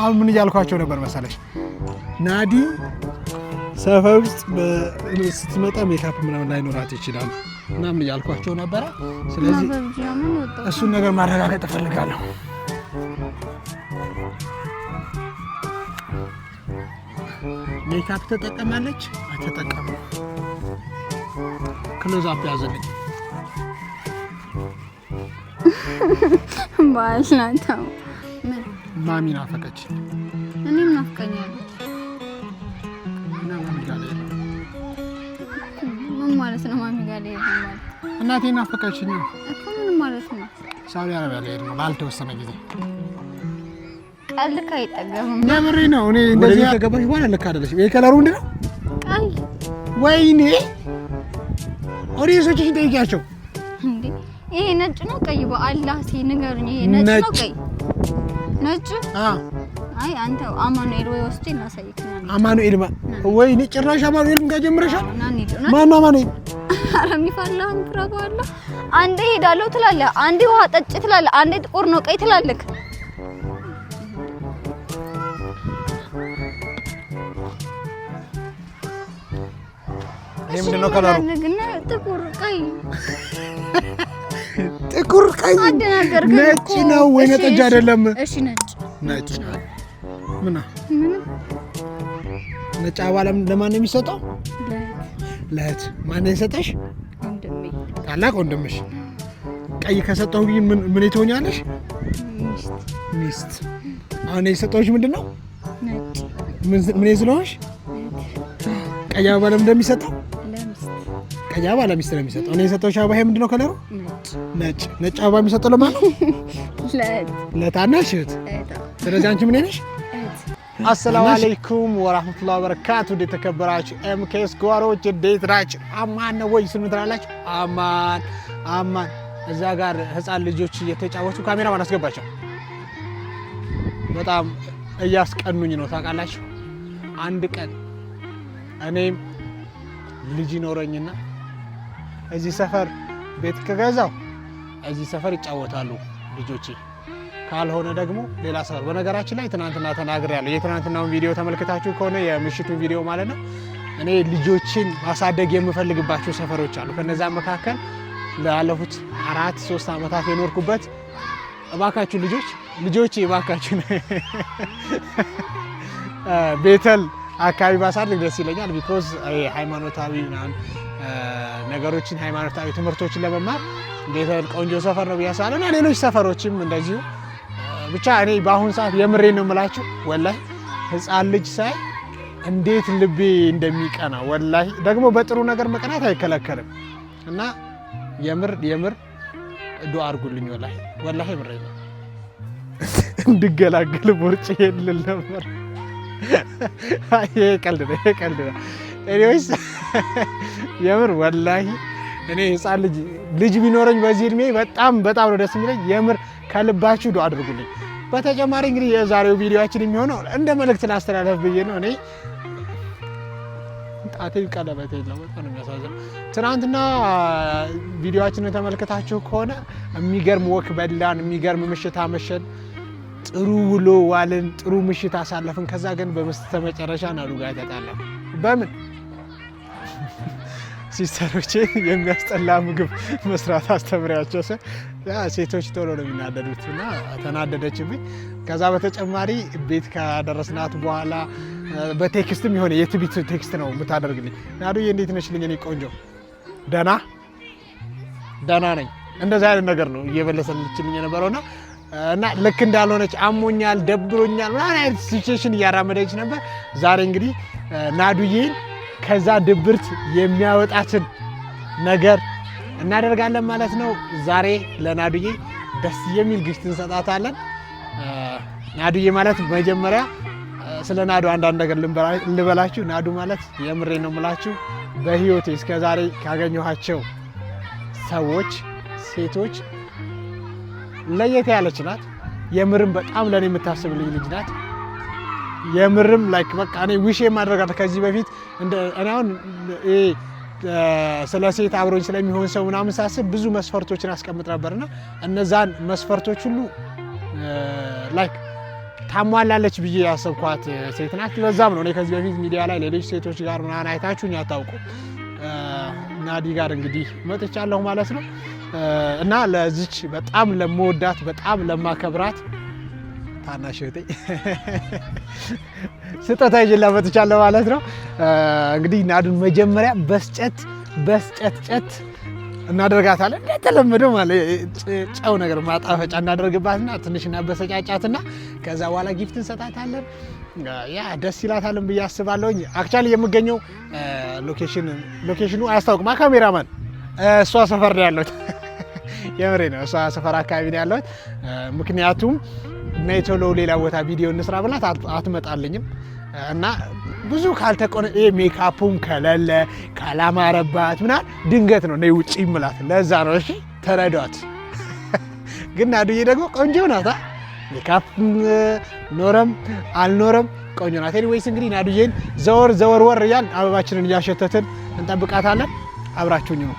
አሁን ምን እያልኳቸው ነበር መሰለሽ? ናዲ ሰፈር ውስጥ ስትመጣ ሜካፕ ምናምን ላይኖራት ይችላል ምናምን እያልኳቸው ነበረ። ስለዚህ እሱን ነገር ማረጋገጥ እፈልጋለሁ። ሜካፕ ተጠቀማለች አልተጠቀመ? ክሎዝ አፕ ያዘልኝ ባልናታው ማሚ ናፈቀች። እኔም ናፍቀኛለች። ምን ማለት ነው? ማሚ ጋር ልሄድ ነው እናቴ ነው እኮ። ምን ማለት ነው? ሳውዲ አረቢያ ልሄድ ነው ላልተወሰነ ጊዜ። ቀልክ አይጠገብም። ለምሬ ነው። እኔ እንደዚህ ከገባሽ በኋላ ልክ አይደለሽም። ይሄ ከለሩ ምንድን ነው? አይ ወይኔ፣ ኦዲየንሶችሽን ጠይቂያቸው። ይሄ ነጭ ነው ቀይ? በአላህ ንገሩኝ። ይሄ ነጭ ነው ቀይ? ነጩ? አይ አንተ አማኑኤል ወይ ወስጄ ላሳይክ ነው። አማኑኤል ወይ ነጭ ጭራሽ አማኑኤልም ጋር ጀምረሻል። ማነው አማኑኤል? አረ የሚፈላህም ፍራባ አለ። አንዴ ሄዳለሁ ትላለህ፣ አንዴ ውሃ ጠጭ ትላለህ፣ አንዴ ጥቁር ነው ቀይ ትላለህ። ምንድን ነው? ጥቁር ቀይ ጥቁር ቀይ ነጭ ነው። ወይ? ጠጅ አይደለም። እሺ ነጭ ነጭ ምን ነጭ አበባ ለማን ነው የሚሰጠው? ለት ማን ነው የሰጠሽ? ታላቅ ወንድምሽ። ቀይ ከሰጠሁ ብዬ ምን ምን ትሆኛለሽ? ሚስት። አሁን የሰጠሁሽ ምንድን ነው? ምን ስለሆንሽ? ቀይ አበባ ለምን እንደሚሰጠው ቀይ አበባ ለሚስት ነው የሚሰጠው። እኔ የሰጠሁሽ አበባ ይሄ ምንድን ነው ከለሩ? ነጭ ነጭ አበባ የሚሰጠው ለማን ነው? ለታናሽ እህት። ስለዚህ አንቺ ምን ነሽ? አሰላሙ አለይኩም ወራህመቱላሂ ወበረካቱ። እንዴት ተከበራችሁ ኤምኬስ ጓሮች፣ እንዴት ናችሁ? አማን ነው ወይ ስንት ትላላችሁ? አማን አማን። እዛ ጋር ህፃን ልጆች እየተጫወቱ ካሜራ ማን አስገባቸው? በጣም እያስቀኑኝ ነው ታውቃላችሁ። አንድ ቀን እኔም ልጅ ይኖረኝና እዚህ ሰፈር ቤት ከገዛው እዚህ ሰፈር ይጫወታሉ ልጆቼ፣ ካልሆነ ደግሞ ሌላ ሰፈር። በነገራችን ላይ ትናንትና ተናግሬያለሁ። የትናንትናውን ቪዲዮ ተመልክታችሁ ከሆነ የምሽቱን ቪዲዮ ማለት ነው። እኔ ልጆችን ማሳደግ የምፈልግባቸው ሰፈሮች አሉ። ከነዛም መካከል ላለፉት አራት ሶስት ዓመታት የኖርኩበት እባካችሁ ልጆች ልጆች እባካችሁ ቤተል አካባቢ ባሳድግ ደስ ይለኛል። ቢኮዝ ሃይማኖታዊ ምናምን ነገሮችን ሃይማኖታዊ ትምህርቶችን ለመማር እንዴት ቆንጆ ሰፈር ነው ብያሳለና ሌሎች ሰፈሮችም እንደዚሁ ብቻ እኔ በአሁን ሰዓት የምሬ ነው የምላችሁ ወላሂ ህፃን ልጅ ሳይ እንዴት ልቤ እንደሚቀና ወላሂ ደግሞ በጥሩ ነገር መቅናት አይከለከልም እና የምር የምር ዱአ አድርጉልኝ ወላሂ ወላሂ የምሬ ነው እንድገላገል ቦርጭ የልል ነበር ይሄ ቀልድ ነው ይሄ ቀልድ ነው ኤኒዌይስ የምር ወላሂ እኔ ህፃን ልጅ ልጅ ቢኖረኝ በዚህ እድሜ በጣም በጣም ነው ደስ የሚለኝ። የምር ከልባችሁ ዱአ አድርጉልኝ። በተጨማሪ እንግዲህ የዛሬው ቪዲዮችን የሚሆነው እንደ መልእክት ላስተላለፍ ብዬ ነው። እኔ ጣቴ ቀለበት የለው በጣም ነው የሚያሳዝነው። ትናንትና ቪዲዮችንን ተመልክታችሁ ከሆነ የሚገርም ወክ በላን፣ የሚገርም ምሽት አመሸን፣ ጥሩ ውሎ ዋልን፣ ጥሩ ምሽት አሳለፍን። ከዛ ግን በመስተመጨረሻ ናሉጋ ተጣላን። በምን ሲስተሮቼን የሚያስጠላ ምግብ መስራት አስተምሪያቸው ስ ሴቶች ቶሎ ነው የሚናደዱት እና ተናደደችብኝ። ከዛ በተጨማሪ ቤት ከደረስናት በኋላ በቴክስትም የሆነ የትቢት ቴክስት ነው የምታደርግልኝ። ናዱዬ እንዴት ነሽ ልኝ እኔ ቆንጆ ደና ደና ነኝ እንደዚህ አይነት ነገር ነው እየመለሰችልኝ የነበረውና እና ልክ እንዳልሆነች አሞኛል፣ ደብሮኛል ምናምን አይነት ሲቹዌሽን እያራመደች ነበር። ዛሬ እንግዲህ ናዱዬን ከዛ ድብርት የሚያወጣችን ነገር እናደርጋለን ማለት ነው። ዛሬ ለናዱዬ ደስ የሚል ግሽት እንሰጣታለን። ናዱዬ ማለት መጀመሪያ ስለ ናዱ አንዳንድ ነገር ልበላችሁ። ናዱ ማለት የምሬ ነው የምላችሁ በህይወቴ እስከዛሬ ካገኘኋቸው ሰዎች ሴቶች ለየት ያለች ናት። የምርም በጣም ለእኔ የምታስብልኝ ልጅ ናት። የምርም ላይክ በቃ እኔ ውሼ ማድረጋት ከዚህ በፊት እንደ እኔ አሁን ስለ ሴት አብሮኝ ስለሚሆን ሰው ምናምን ሳስብ ብዙ መስፈርቶችን አስቀምጥ ነበርና እነዛን መስፈርቶች ሁሉ ላይክ ታሟላለች ብዬ ያሰብኳት ሴት ናት። በዛም ነው እኔ ከዚህ በፊት ሚዲያ ላይ ሌሎች ሴቶች ጋር ምናምን አይታችሁኝ አታውቁ። ናዲ ጋር እንግዲህ መጥቻለሁ ማለት ነው እና ለዚች በጣም ለመወዳት በጣም ለማከብራት ታናሽ እህቴ ስጦታ ይዤላት መጥቻለሁ ማለት ነው። እንግዲህ ናዱን መጀመሪያ በስጨት በስጨት በስጨትጨት እናደርጋታለን እንደተለመደው ማለት ጨው ነገር ማጣፈጫ እናደርግባትና ትንሽ እናበሰጫጫትና ከዛ በኋላ ጊፍት እንሰጣታለን። ያ ደስ ይላታልን ብዬ አስባለሁኝ። አክቹዋሊ የምገኘው ሎኬሽኑ አያስታውቅም። ካሜራማን እሷ ሰፈር ነው ያለሁት። የምሬ ነው እሷ ሰፈር አካባቢ ነው ያለሁት ምክንያቱም እና የቶሎ ሌላ ቦታ ቪዲዮ እንስራ ብላት አትመጣልኝም እና ብዙ ካልተቆነ ሜካፑም ከለለ ካላማረባት ምናምን ድንገት ነው ነይ ውጭ ይምላት። ለዛ ነው እሺ፣ ተረዷት። ግን ናዱዬ ደግሞ ቆንጆ ናታ፣ ሜካፕ ኖረም አልኖረም ቆንጆ ናት። ኤኒዌይስ እንግዲህ ናዱዬን ዘወር ዘወር ወር እያል አበባችንን እያሸተትን እንጠብቃታለን። አብራችሁኝ ነው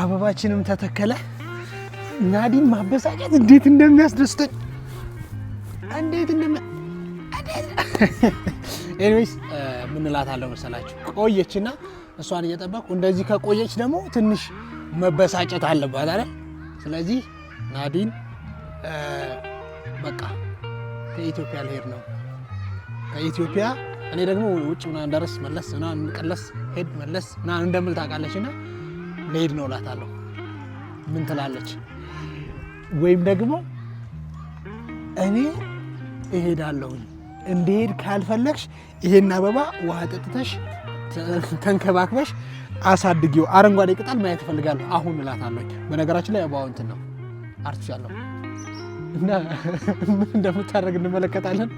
አበባችንም ተተከለ። ናዲን ማበሳጨት እንዴት እንደሚያስደስተኝ እንዴት እንደ ኤኒዌይስ ምንላታለሁ መሰላችሁ? ቆየችና እሷን እየጠበቅኩ እንደዚህ ከቆየች ደግሞ ትንሽ መበሳጨት አለባት አይደል? ስለዚህ ናዲን በቃ ከኢትዮጵያ ልሄድ ነው ከኢትዮጵያ እኔ ደግሞ ውጭ ምናምን ደረስ መለስ ምናምን ቀለስ ሄድ መለስ ምናምን እንደምል ታውቃለች እና ልሄድ ነው እላታለሁ። ምን ትላለች? ወይም ደግሞ እኔ እሄዳለሁኝ እንድሄድ ካልፈለግሽ ይሄን አበባ ውሃ ጠጥተሽ ተንከባክበሽ አሳድጊው፣ አረንጓዴ ቅጠል ማየት እፈልጋለሁ አሁን እላታለሁ። በነገራችን ላይ አበባው እንትን ነው አርቲፊሻል ነው እና ምን እንደምታደርግ እንመለከታለን።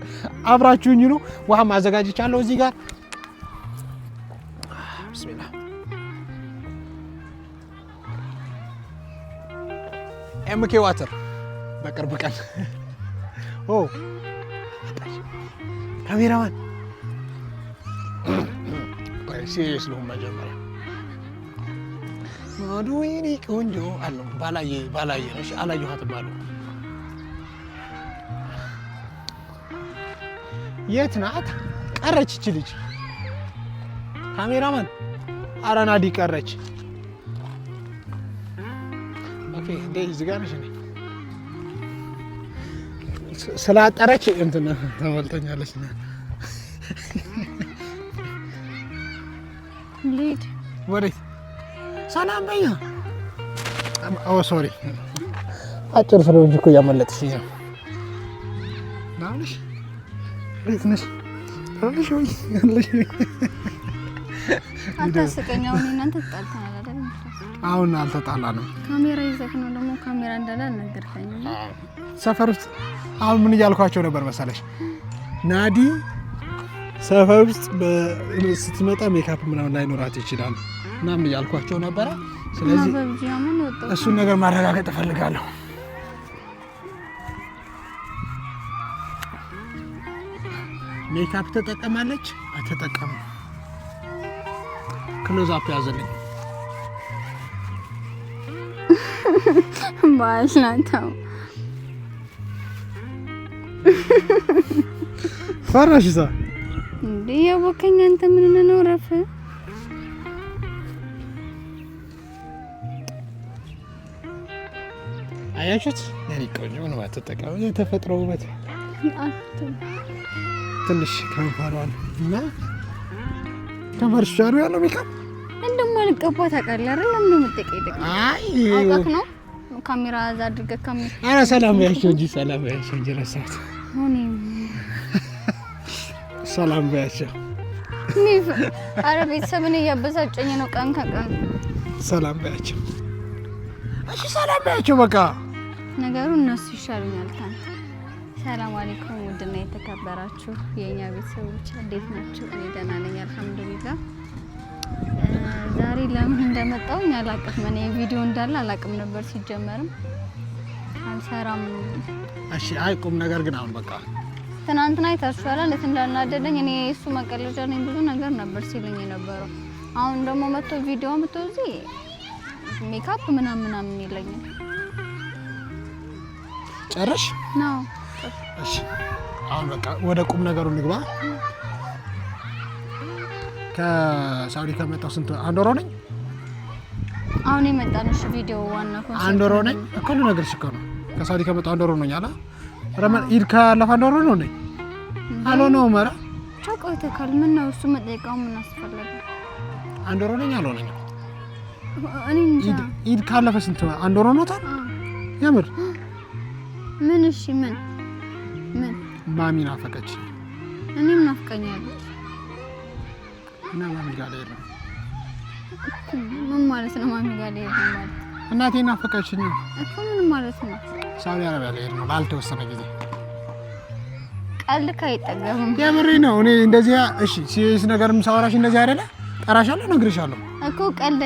አብራችሁኝ ውሃ ማዘጋጀቻለሁ እዚህ ጋር ብስሚላ ኤምኬ ዋተር በቅርብ ቀን ካሜራማን ሲሪየስ ልሁን መጀመሪያ ማዶ የኔ ቆንጆ አለው ባላየ ባላየ ነው። እሺ አላየኋት የት ናት? ቀረች እች ልጅ ካሜራማን አረናዲ ቀረች። እዚህ ጋር ነሽ። ስላጠረች እንትን ተሞልተኛለች። ወዴት ሰላም በይ። ኦ ሶሪ፣ አጭር ስለሆንሽ እኮ እያመለጥሽ ነው። እናንተ አሁን አልተጣላንም። ካሜራ ይዘህ ነው ደግሞ ካሜራ እንዳለ አልነገርከኝም። ሰፈር ውስጥ አሁን ምን እያልኳቸው ነበር መሰለሽ? ናዲ ሰፈር ውስጥ ስትመጣ ሜካፕ ምናምን ላይኖራት ይችላል እና ምን እያልኳቸው ነበረ። ስለዚህ እሱን ነገር ማረጋገጥ እፈልጋለሁ። ሜካፕ ትጠቀማለች አትጠቀምም? ክሎዝ አፕ ያዘልኝ ባል ናተው ፈራሽ ዛ እንዴ ያወከኝ አንተ ምን ነው ረፈ አያችሁት? እኔ ቆንጆ ነው አትጠቀሙ። የተፈጥሮ ውበት ትንሽ ከንፈሯን እና ከንፈርሽ ያለው ሜካፕ እንደማልቀባ ታውቃለህ ለምን ነው የምትቀይደቅ? አይ አውቃክ ነው ካሜራ እዛ አድርገ ካሜ ኧረ ሰላም በያቸው እንጂ ሰላም በያቸው እንጂ ረሳት። ሰላም በያቸው። ኧረ ቤተሰብን እያበሳጨኝ ነው ቀን ከቀን። ሰላም በያቸው እሺ፣ ሰላም በያቸው በቃ ነገሩ እነሱ ይሻሉኛል። ታን ሰላም አለይኩም ውድና የተከበራችሁ የእኛ ቤተሰቦች እንዴት ናቸው? እኔ ደህና ነኝ አልሐምዱሊላህ። ዛሬ ለምን እንደመጣውኝ አላቅም። እኔ ቪዲዮ እንዳለ አላቅም ነበር ሲጀመርም አልሰራም። እሺ፣ አይ ቁም ነገር ግን አሁን በቃ ትናንትና አይታችኋል እንዴት እንዳናደደኝ። እኔ እሱ መቀለጃ ነኝ ብዙ ነገር ነበር ሲልኝ የነበረው። አሁን ደግሞ መጥቶ ቪዲዮ መጥቶ እዚህ ሜካፕ ምናምን ምናምን ይለኛል። ጨረሽ ነው? እሺ፣ አሁን በቃ ወደ ቁም ነገሩ ንግባ። ከሳውዲ ከመጣሁ ስንት አንድ ወር ሆነኝ። አሁን የመጣነሽ ቪዲዮ ዋና ኮንሰርት አንድ ወር ሆነኝ። ሁሉ ነገር ሽከ ነው። ከሳውዲ ከመጣሁ አንድ ወር ሆነኝ። አላ ረመን ኢድ ካለፈ አንድ ወር ሆነኝ። አልሆነውም። ኧረ ተቆይተካል። ምን ነው እሱ መጠየቃው ምን አስፈለገ? አንድ ወር ሆነኝ። አልሆነኝም። እኔ እንጃ። ኢድ ካለፈ ስንት አንድ ወር ሆኖታል። የምር ምን? እሺ ምን ምን ማሚ ናፈቀች፣ እኔም ናፍቀኛለች እና ማሚ ጋር ልሄድ ነው። ምን ማለት ነው? ማሚ ጋር ልሄድ ነው ማለት እናቴ ናፈቀችኝ እኮ። ምን ማለት ነው? ሳውዲ አረቢያ ላይ ነው ላልተወሰነ ጊዜ። ቀልድ አይጠገብም። የምሬ ነው። እኔ እንደዚህ እሺ፣ ሲሪየስ ነገርም ሳወራሽ እንደዚህ አይደለ? ጠራሻለሁ፣ እነግርሻለሁ እኮ ቀልድ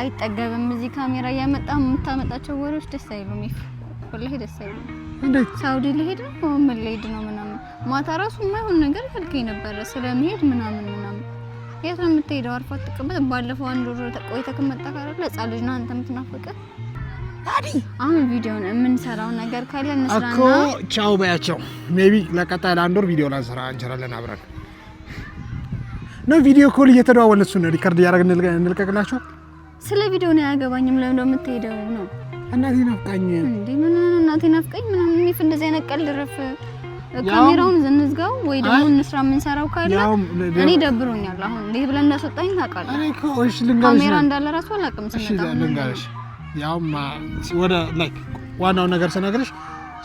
አይጠገብም። እዚህ ካሜራ እያመጣ የምታመጣቸው ወሬዎች ደስ አይሉም። ይፍ ወላሂ ደስ አይሉም። እንዴት ሳውዲ ልሄድ ነው ምን ልሄድ ነው ምናምን፣ ማታ ራሱ የማይሆን ነገር ያልከኝ ነበረ ስለመሄድ ምናምን ምናምን የት ነው የምትሄደው? አርፎ ትቀመጥ። ባለፈው አንድ ወር ተቆይተህ ከመጣህ አይደለ ሕፃን ልጅ ነው አንተ የምትናፍቀው። አሁን ቪዲዮን የምንሰራው ነገር ካለ እንስራና እኮ ቻው በያቸው። ሜቢ ለቀጣይ ለአንድ ወር ቪዲዮ ላንሰራ እንችላለን። አብረን ነው ቪዲዮ ኮል እየተደዋወልን እሱን ሪከርድ እያደረግን እንልቀቅላችሁ። ስለ ቪዲዮ ነው አያገባኝም። ለምን ነው የምትሄደው? ነው እናቴ ናፍቃኝ እንዴ? ምን እናቴ ናፍቃኝ ምናምን እንደዚህ አይነት ቀልድ ረፍ ካሜራውን እንዝጋው ወይ ደግሞ እንስራ። የምንሰራው ካለ እኔ ደብሮኛል። አሁን እንዴት ብለን እንዳስወጣኝ ታውቃለህ። እኔ እኮ እሺ ልንገርሽ፣ ካሜራ እንዳለ ራሱ አላውቅም። ስመጣ ልንገርሽ፣ ያው ወደ ላይክ ዋናው ነገር ስነግርሽ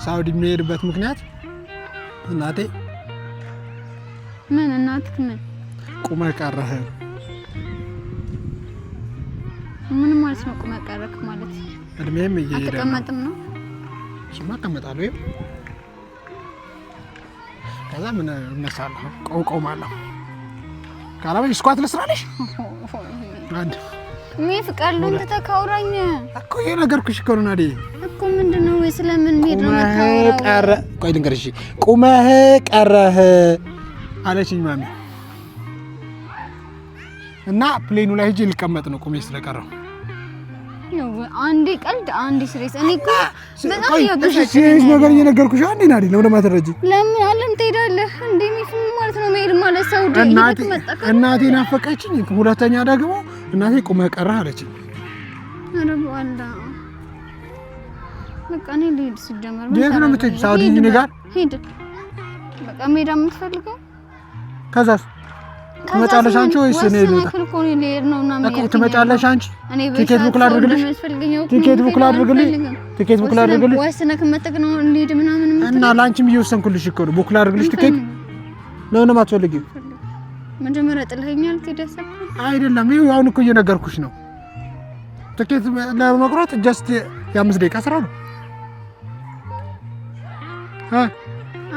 ሳውዲ የሚሄድበት ምክንያት እናቴ ምን እናትክ ምን ቁመ ቀረህ። ምን ማለት ነው ቁመ ቀረህ ማለት? እድሜም እየሄደ ነው። አትቀመጥም ነው? እሱማ እቀመጣለሁ። ከዛ ምን እነሳለሁ፣ ቆምቆማለሁ። ካላበሽ ስኳት ልስራለሽ። አንድ እኔ ፍቃሉ ተካውራኝ እኮ ይሄ ነገርኩሽ እኮ ነው እኮ ምንድን ነው? ወይ ስለምን ሄድ ነው? ቀረ ቆይ ልንገርሽ። ቁመህ ቀረህ አለችኝ ማሚ እና ፕሌኑ ላይ ሂጅ ልቀመጥ ነው ቁሜ ስለቀረው አንዴ ቀልድ አንዴ ስሬስ እኔ እኮ በጣም ያበሻሽ ነገር እየነገርኩሽ አንዴ ናዲ ነው እንደማትረጂ ለምን አለም ትሄዳለህ እንዴ ሚፍም ማለት ነው መሄድ ማለት ሰው ደ እናቴ እናቴ ናፈቀችኝ። ሁለተኛ ደግሞ እናቴ ቁመ ቀረህ አለችኝ። ረቡ አላ በቃ እኔ ልሄድ ሲጀመር የት ነው ሳውዲ ጋር ሂድ በቃ ሜዳ የምትፈልገው ከዛስ ትመጫለሽ አንቺ ወይስ እኔ ልውጣ? እኮ ትመጫለሽ አንቺ? ቲኬት ቡክ ላድርግልሽ? ቲኬት ቡክ ላድርግልሽ? ቲኬት ቡክ ላድርግልሽ? እና ለአንቺም እየወሰንኩልሽ እኮ ነው። ቡክ ላድርግልሽ ቲኬት? ለምን የማትፈልጊው? መጀመሪያ ጥለኸኛል። አይደለም፣ ይኸው አሁን እኮ እየነገርኩሽ ነው። ቲኬት ለመቁረጥ ጀስት የአምስት ደቂቃ ስራ ነው።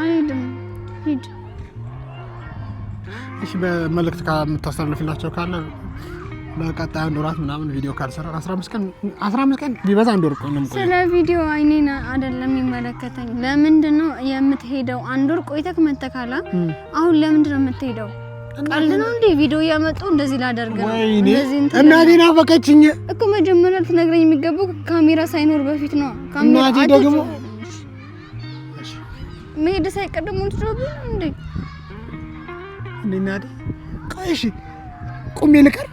አይደለም ሂድ እሺ በመልእክት ከምታስተላልፍላቸው ካለ በቀጣይ አንድ ወራት ምናምን ቪዲዮ ካልሰራን 15 ቀን 15 ቀን ቢበዛ አንድ ወር ቆይ። ስለ ቪዲዮ አይኔን አይደለም የሚመለከተኝ። ለምንድን ነው የምትሄደው? አንድ ወር ቆይተህ መተካላ አሁን ለምንድን ነው የምትሄደው? ቀልድ ነው እንዴ? ቪዲዮ እያመጡ እንደዚህ ላደርግ ነው እናቴ ናፈቀችኝ እኮ። መጀመሪያ ልትነግረኝ የሚገባው ካሜራ ሳይኖር በፊት ነው። እናቴ ደግሞ መሄድ ሳይቀደሙ ትደቡ እንዴ እናቴ ቆይሽ ቁሜ ልቀር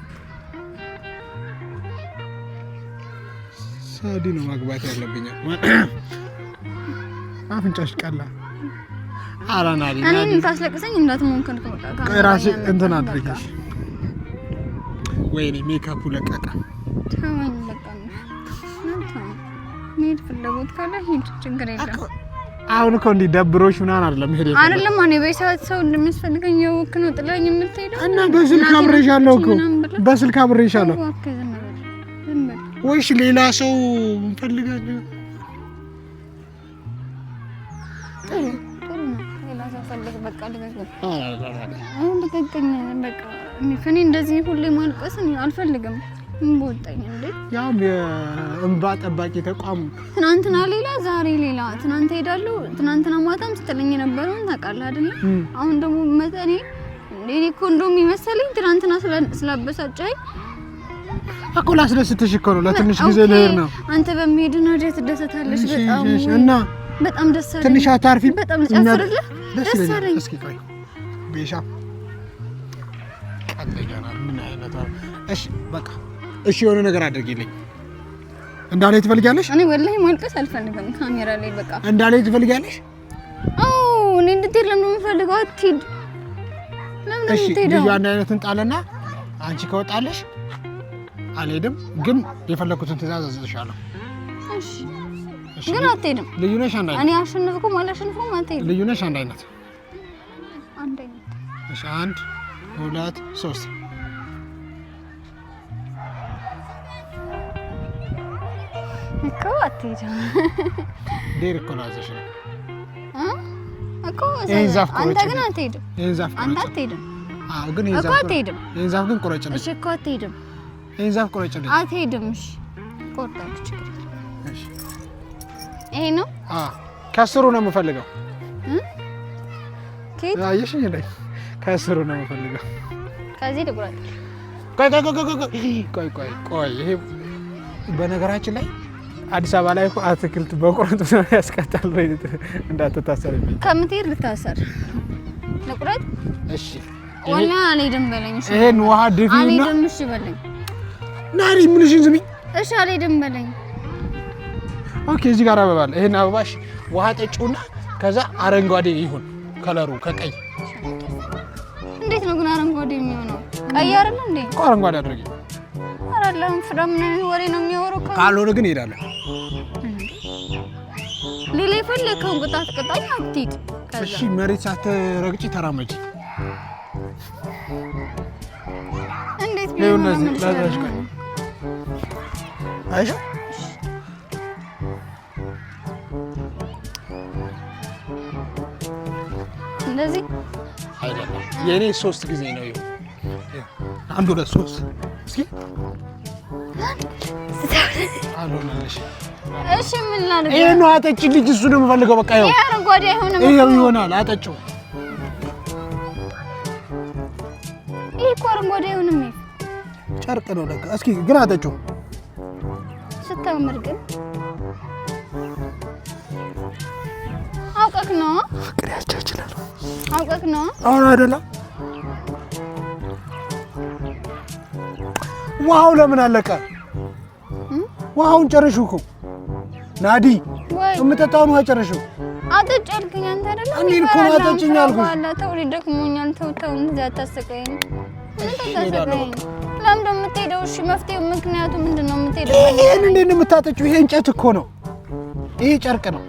ሳዲ ነው ማግባት ያለብኝ። አፍንጫሽ ቀላ አራናሪ እኔን ታስለቅሰኝ እንዳትሞን ራሴ እንትን አድርጊሽ። ወይኔ ሜካፑ ለቀቀ። ተወኝ፣ ለቀቀ። ሂድ፣ ፍላጎት ካለ ሂድ፣ ችግር የለም። አሁን እኮ እንዲህ ደብሮሽ ምናምን አይደለም ሄደ አይደለም። አኔ በሰዓት ሰው እንደሚያስፈልገኝ የወክ ነው ጥላኝ የምትሄደው እና በስልክ አብሬሻለሁ እኮ በስልክ አብሬሻለሁ። ወይስ ሌላ ሰው እንፈልጋለን? በቃ እንደዚህ ሁሌ ማልቀስ አልፈልግም። እንቦጠኝ የእንባ ጠባቂ ተቋሙ ትናንትና ሌላ ዛሬ ሌላ፣ ትናንት ሄዳለሁ፣ ትናንትና ማታም ስትለኝ የነበረውን ታውቃለህ አይደለ? አሁን ደግሞ መጠኔ እኔ እኮ እንደውም ይመሰለኝ ትናንትና ስላበሳጨኝ እኮ ላስደስትሽ እኮ ነው። ለትንሽ ጊዜ ልሄድ ነው። አንተ በሚሄድ ነው ደስ ትደሰታለሽ በጣም እና በጣም ደስ አለኝ። ትንሽ አታርፊም? በጣም ደስ አለኝ። እስኪ ቆይ ቤሻ ቀልድ ምን አይነት እሺ፣ በቃ እሺ የሆነ ነገር አድርጊልኝ። እንዳለ ትፈልጊያለሽ? እኔ ወላሂ ማልቀስ አልፈልግም። ካሜራ ላይ በቃ እንዳለ ትፈልጊያለሽ? አዎ እኔ እንድትሄድ ለምን የምፈልገው አትሄድ። ለምን እንድትሄድ? እሺ አንድ አይነትን ጣለና አንቺ ከወጣለሽ አልሄድም፣ ግን የፈለኩትን ትእዛዝ አዘዝሻለሁ። እሺ ግን አትሄድም። ልዩ ነሽ። አንድ አይነት እኔ አሸንፍኩም አላሸንፍኩም አትሄድም። ልዩ ነሽ። አንድ አይነት አንድ አይነት። እሺ አንድ ሁለት ሶስት እኮ አትሄጂም። ዴር እኮ ነው አዘሽኝ እኮ አንተ ግን አትሄድም። ይሄን ዛፍ አንተ አትሄድም። አዎ ግን ይሄን ዛፍ አትሄድም። ይሄን ዛፍ ግን ቆረጭ ልጅ እኮ አትሄድም። ይሄን ዛፍ ቆረጭ ልጅ አትሄድም። እሺ ቆርጣችሁ እሺ። ይሄ ነው አዎ። ከስሩ ነው የምፈልገው። ከየት አየሽኝ? እንደ ከስሩ ነው የምፈልገው። ከዚህ ልቁረጥ። ቆይ ቆይ ቆይ ቆይ ቆይ ቆይ። ይሄ በነገራችን ላይ አዲስ አበባ ላይ አትክልት በቁረጥ ነው ያስቀጣል። ወይ? እንዳትታሰር ከምትሄድ ልታሰር ንቁረጥ። እሺ ወላ እኔ ደም በለኝ። ይሄን ውሃ ድፊ እና እኔ ደም እሺ በለኝ። ናሪ ምንሽን ዝም እሺ አለ ደም በለኝ። ኦኬ እዚህ ጋር አበባ አለ። ይሄን አበባ እሺ ውሃ ጠጪውና ከዛ አረንጓዴ ይሁን ከለሩ ከቀይ። እንዴት ነው ግን አረንጓዴ የሚሆነው? ቀይ አይደል እንዴ? አረንጓዴ አድርጊ እሄዳለሁ። ፍዳምና ወሬ ነው የሚወሩ። ካልሆነ ግን እሄዳለሁ። ሌላ የፈለከውን ቅጣት ቅጣኝ፣ አትሂድ። እሺ መሬት ሳትረግጪ ተራመጂ። እንዴት እንደዚህ አይደለም። የእኔ ሶስት ጊዜ ነው። አንድ ሁለት ሶስት እስኪ እሺ ምን ላድርግ? ይሄን ነው አጠጪ ልጅ እሱ ነው የምፈልገው። በቃ ይኸው አረንጓዴ አይሆንም። ይኸው ይሆናል። አጠጪው ይሄ እኮ አረንጓዴ አይሆንም። ጨርቅ ነው ለካ። እስኪ ግን አጠጪው ስታምር ግን አውቀክ ነው። ፍቅር ያቻችላል። አውቀክ ነው። አሁን አይደለም ውሃው ለምን አለቀ? ውሃውን ጨርሹ እኮ ናዲ፣ የምጠጣውን ውሃ ጨርሹ። አጠጪ አልከኝ አንተ አይደለም እኮ አልኩሽ። ተው፣ ደክሞኛል። ተው ተው፣ አታስቀኝ። ለምን ነው የምትሄደው? እሺ፣ መፍትሄው ምክንያቱ ምንድን ነው? የምትሄደው ይሄን እንዴት ነው ይሄ እንጨት እኮ ነው፣ ይሄ ጨርቅ ነው።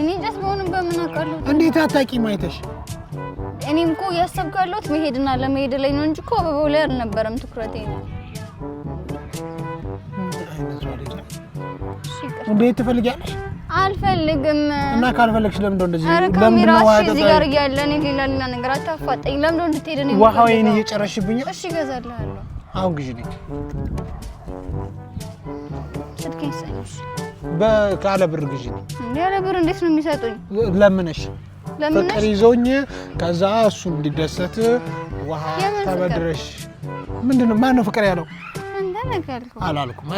እኔ እንጨት በሆነ በምን አውቃለሁ? እንዴት አታውቂም? አይተሽ እኔም እኮ እያሰብኩ ያለሁት መሄድና ለመሄድ ላይ ነው እንጂ እኮ አበባው ላይ አልነበረም ትኩረቴ ነው እንዴት ትፈልጊያለሽ? አልፈልግም። እና ካልፈለግሽ ለምን እንደዚህ ለምን ነው ዋጋ እዚህ ጋር ያለ እኔ ሌላ ሌላ ነገር አታፋጠኝ። ለምን እንደዚህ ትሄድ ነው? ውሃዬን እየጨረሽብኝ። እሺ እገዛልሃለሁ። አሁን ግዢ ነኝ። ስልኬን በካለ ብር ግዢ ነኝ። ያለ ብር እንዴት ነው የሚሰጡኝ? ለምነሽ ፍቅር ይዞኝ ከዛ እሱ እንዲደሰት ውሃ ተበድረሽ ምንድን ነው ማነው ፍቅር ያለው አላልኩም።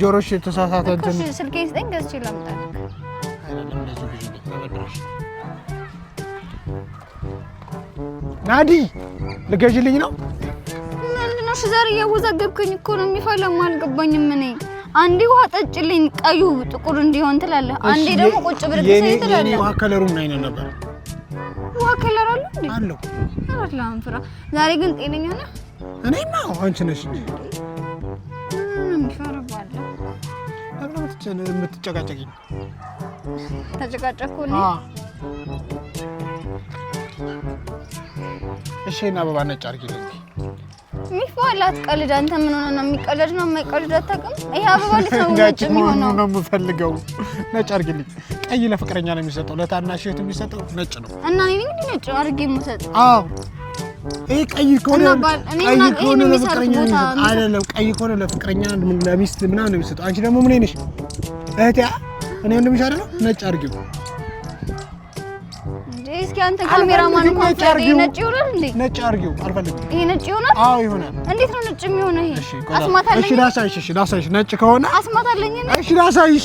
ጆሮሽ የተሳሳተ ስልኬ ስጠኝ ገዝቼ ላምጣል። ናዲ ልገዥልኝ ነው ምንድነሽ? ዛሬ እያወዛገብከኝ እኮ ነው። የሚፈለም አልገባኝም። እኔ አንዴ ውሃ ጠጭልኝ ቀዩ ጥቁር እንዲሆን ትላለህ፣ አንዴ ደግሞ ቁጭ ብድግ ሳይ ትላለህ። ውሃ ከለሩ ምን አይነት ነበር? ውሃ ከለር አለ እንዴ? አለው። ዛሬ ግን ጤነኛ ነህ? እኔማ አንቺ ነሽ አንቺን የምትጨቃጨቂኝ? ተጨቃጨኩ። እሺ እና አበባ ነጭ አድርጊልኝ። ሚፋላት ቀልድ። አንተ ምን ሆነህ ነው? የሚቀለድ ነው የማይቀልድ አታውቅም። ይሄ አበባ ልጅ የሚሆነው ነው የምፈልገው። ነጭ አድርጊልኝ። ቀይ ለፍቅረኛ ነው የሚሰጠው፣ ለታናሽ እህት የሚሰጠው ነጭ ነው እና እኔ እንግዲህ ነጭ አድርጌ የምሰጠው። አዎ ይሄ ቀይ ከሆነ ቀይ ከሆነ ለፍቅረኛ አይደለም፣ ቀይ ከሆነ ለፍቅረኛ ለሚስት ምናምን ነው የሚሰጠው። አንቺ ደግሞ ምን ነሽ እህቴ? እኔ ወንድምሽ አይደለ? ነጭ አድርጊው እስኪ አንተ ካሜራማን እንኳን ነጭ ይሆናል ነጭ አድርጊው። አልፈልግም። ይሄ ነጭ ይሆናል? አዎ ይሆናል። እንዴት ነው ነጭ የሚሆነው? ይሄ አስማት አለኝ። እሺ ላሳይሽ፣ እሺ ላሳይሽ። ነጭ ከሆነ አስማት አለኝ። እሺ ላሳይሽ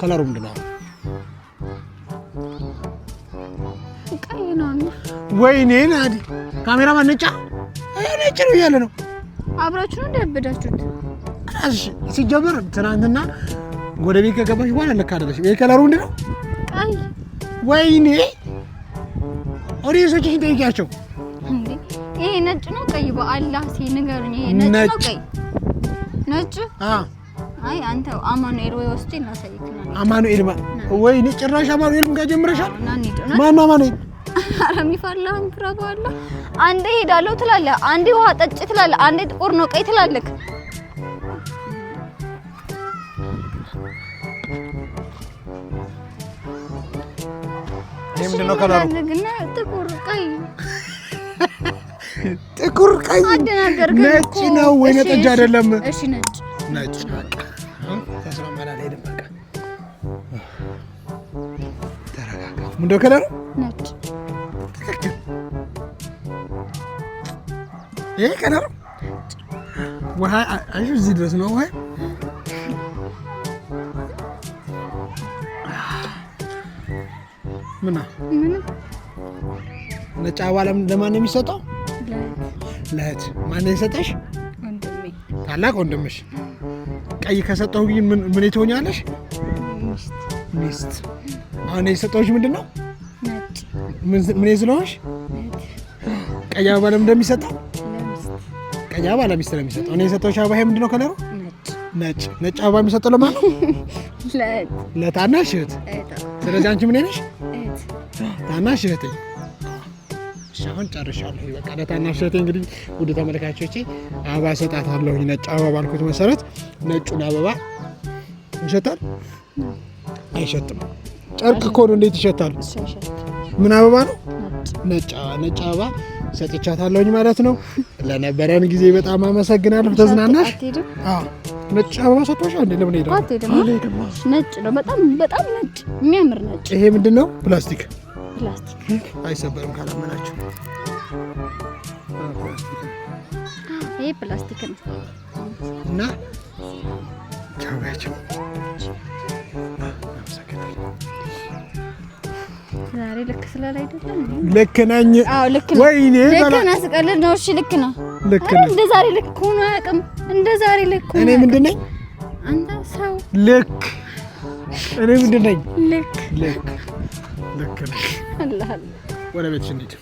ከለሩ ምንድን ነው? ቀይ ነው። ወይኔ ናዲ፣ ካሜራ ማነጫ ነጭ ነው እያለ ነው። አብራችሁ ነው እንዳያበዳችሁት። እንዳበዳችሁት? ሲጀምር ትናንትና ወደ ቤት ከገባሽ በኋላ ልክ አይደለሽም። ይሄ ከለሩ ምንድን ነው? ቀይ። ወይኔ ኦዲየንሶችሽን ጠይቂያቸው። ይሄ ነጭ ነው ቀይ? በአላህ ሲ ንገሩኝ። ይሄ ነጭ ነው ቀይ? ነጭ። አይ አንተ አማኑኤል ወይ ወስጪ እናሳይክ አማኑኤል ወይ እኔ ጭራሽ አማኑኤልም ጋር ጀምረሻል። ማን አማኑኤል? ኧረ የሚፈላህን ግራ በኋላ አንዴ ሄዳለሁ ትላለህ፣ አንዴ ውሃ ጠጭ ትላለህ፣ አንዴ ጥቁር ነው ቀይ ትላለህ። ምንድነው ከላሩ ጥቁር ቀይ ጥቁር ቀይ ነጭ ነው ወይ ነጠጅ አይደለም? እሺ ነጭ ነጭ ምንደ ከለር ነጭ። ትክክል። ይሄ ከለር ውሃ አይሹ እዚህ ድረስ ነው ውሃ ምና ነጭ አበባ ለማን ነው የሚሰጠው? ለእህት። ማነው የሰጠሽ? ታላቅ ወንድምሽ። ቀይ ከሰጠሁ ምን ምን ትሆኛለሽ? ሚስት አሁን የሰጠሁሽ ምንድን ነው? ምን ስለሆንሽ? ቀይ አበባ ለምን እንደሚሰጠው ቀይ አበባ ለሚስት ነው የሚሰጠው። እኔ የሰጠሁሽ አበባ ይሄ ምንድን ነው ከለሩ? ነጭ ነጭ አበባ የሚሰጠው ለማን ነው? ለታናሽ እህት። ስለዚህ አንቺ ምን ነሽ? ታናሽ እህቴ። አሁን ጨርሻለሁ። በቃ ለታናሽ እህቴ እንግዲህ ውድ ተመልካቾቼ አበባ እሰጣታለሁ። ነጭ አበባ ባልኩት መሰረት ነጩን አበባ ይሸጣል አይሸጥም? ጨርቅ እኮ ነው። እንዴት ይሸታል? ምን አበባ ነው? ነጭ ነጭ አበባ ሰጥቻታለሁኝ ማለት ነው። ለነበረን ጊዜ በጣም አመሰግናለሁ። ተዝናናሽ? አዎ ነጭ አበባ ሰጥቶሻ እንዴ? ለምን ሄደ? ነጭ ነው በጣም በጣም ነጭ፣ የሚያምር ነጭ። ይሄ ምንድን ነው? ፕላስቲክ ፕላስቲክ አይሰበርም ካላመናችሁ። ይሄ ፕላስቲክ ነው እና ቻው ያቸው ዛሬ ልክ ስላል ልክ ነኝ። አዎ ልክ ወይኔ ልክ ነህ። ስቀልድ ነው። እሺ ልክ ነህ። ልክ ነህ። እንደ ዛሬ ልክ ሆኖ አያውቅም። እንደ ዛሬ ልክ እኔ ምንድን ነኝ? አንተ ሰው ልክ እኔ ምንድን ነኝ? ልክ ልክ ልክ ነህ። ወደ ቤትሽ እንሂድ